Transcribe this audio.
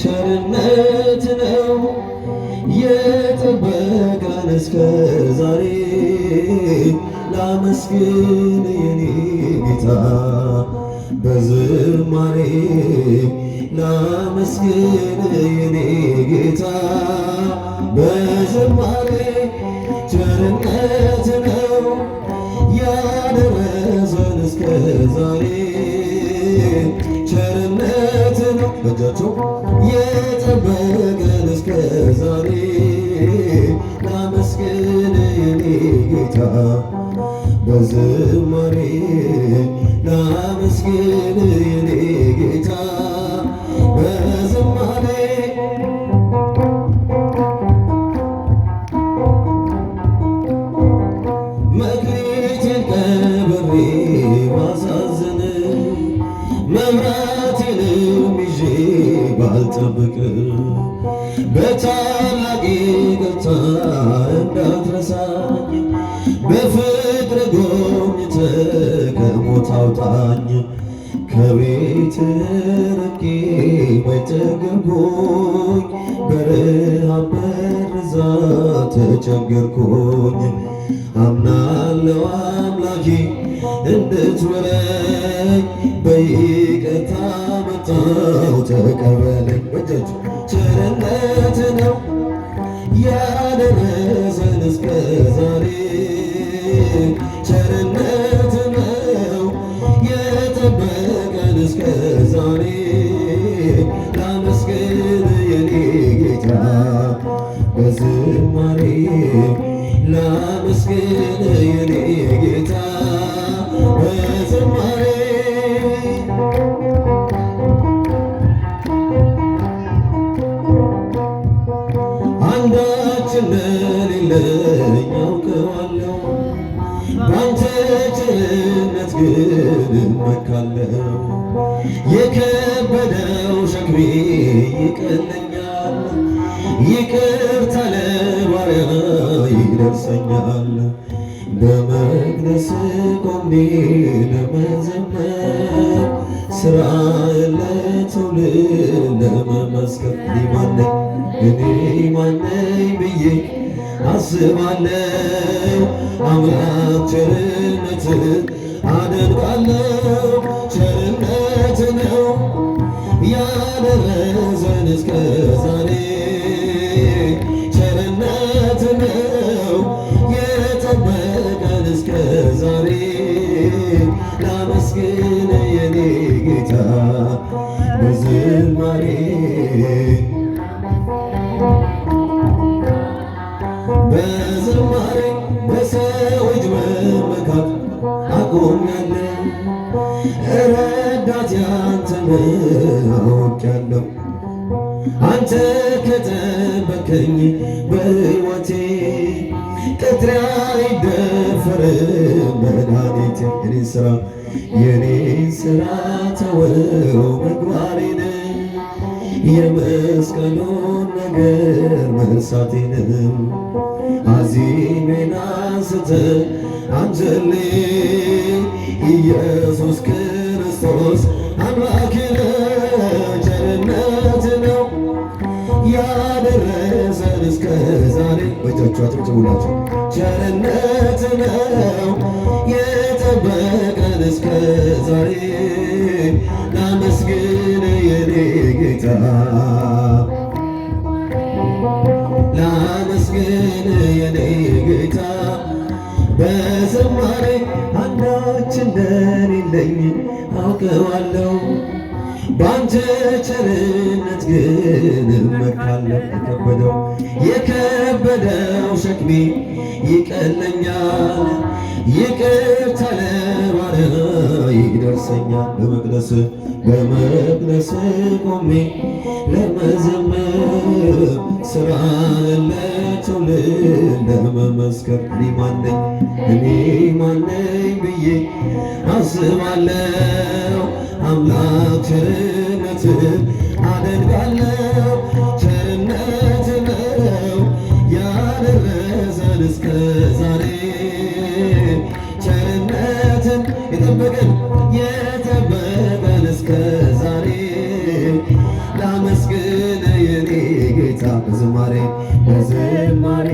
ቸርነት ነው የጠበቀን እስከ ዛሬ ላመስግን የኔ ጌታ በዝማሬ ላመስግን የኔ ጌታ በዝማሬ ቸርነት ነው ያደረሰን እስከ ዛሬ ቸርነት ነው እጃቸው የጠበቀን እስከ ዛሬ ላመስግን የኔ ጌታ በዝማሬ ላመስግን የኔ ጌታ በዝማሬ ባልጠብቅ በታላቅ ይቅርታ እንዳትረሳኝ በፍቅር ጎብኝተ ከሞት አውጣኝ ከቤት ርቄ በተገርኩኝ በረሃብ በርዛት ተቸገርኩኝ አምናለው አምላኬ እንድትምረኝ በይቅርታ መጥተው ተቀበለኝ እጆች ቸርነት ነው ያደረሰን እስከ ዛሬ ቸርነት ነው የጠበቀን እስከ ዛሬ ላመስግን የኔ ጌታ በዝማሬ ላመስግን የኔ እመካለሁ። የከበደው ሸክሜ ይቀለኛል፣ ይቅርታ ለባሪያ ይደርሰኛል። በመቅደስ ቆሜ ለመዘመር ስራዬን ለትውልድ ለመመስከር ማነኝ እኔ ማነኝ ብዬ አስባለሁ አምላክ ቸርነትህ አደርጋለሁ ቸርነት ነው ያደረሰን እስከ ዛሬ ቸርነት ነው የጠበቀን እስከ ዛሬ ላመስግን የኔ ጌታ በዝማሬ በዝማሬ በሰው እጅ መመካት ቆሜያለሁ ረዳት ያንተ ነው ወቄያለሁ አንተ ከጠበከኝ በሕይወቴ ቅጥሬ አይደፈርም መድኃኒቴ የኔን ሥራ የኔን ሥራ ተወው ምግባሬን የመስቀሉን ነገር መርሳቴንም ኢየሱስ ክርስቶስ አምላኬ ነው፣ ቸርነት ነው ያደረሰን እስከ ዛሬ። በእጃችሁ አጨብጭቡላቸው። ቸርነት ነው የጠበቀን እስከ ዛሬ። ላመስግን የኔ ጌታ ላመስግን የኔ ጌታ በዝማሬ አንዳች እንደሌለኝ አውቀዋለሁ። በአንተ ቸርነት ግን እመካለሁ። የከበደው የከበደው ሸክሜ ይቀለኛል። ይቅርታ ለባሪያ ይደርሰኛል በመቅደስ በመቅደስ ቆሜ ለመዘመር ስራ ለሌላቸው ለመመስከር እኔ ማነኝ እኔ ማነኝ ብዬ አስባለሁ አምላክ ቸርነትን አደንቃለሁ በዝማሬ በዝማሬ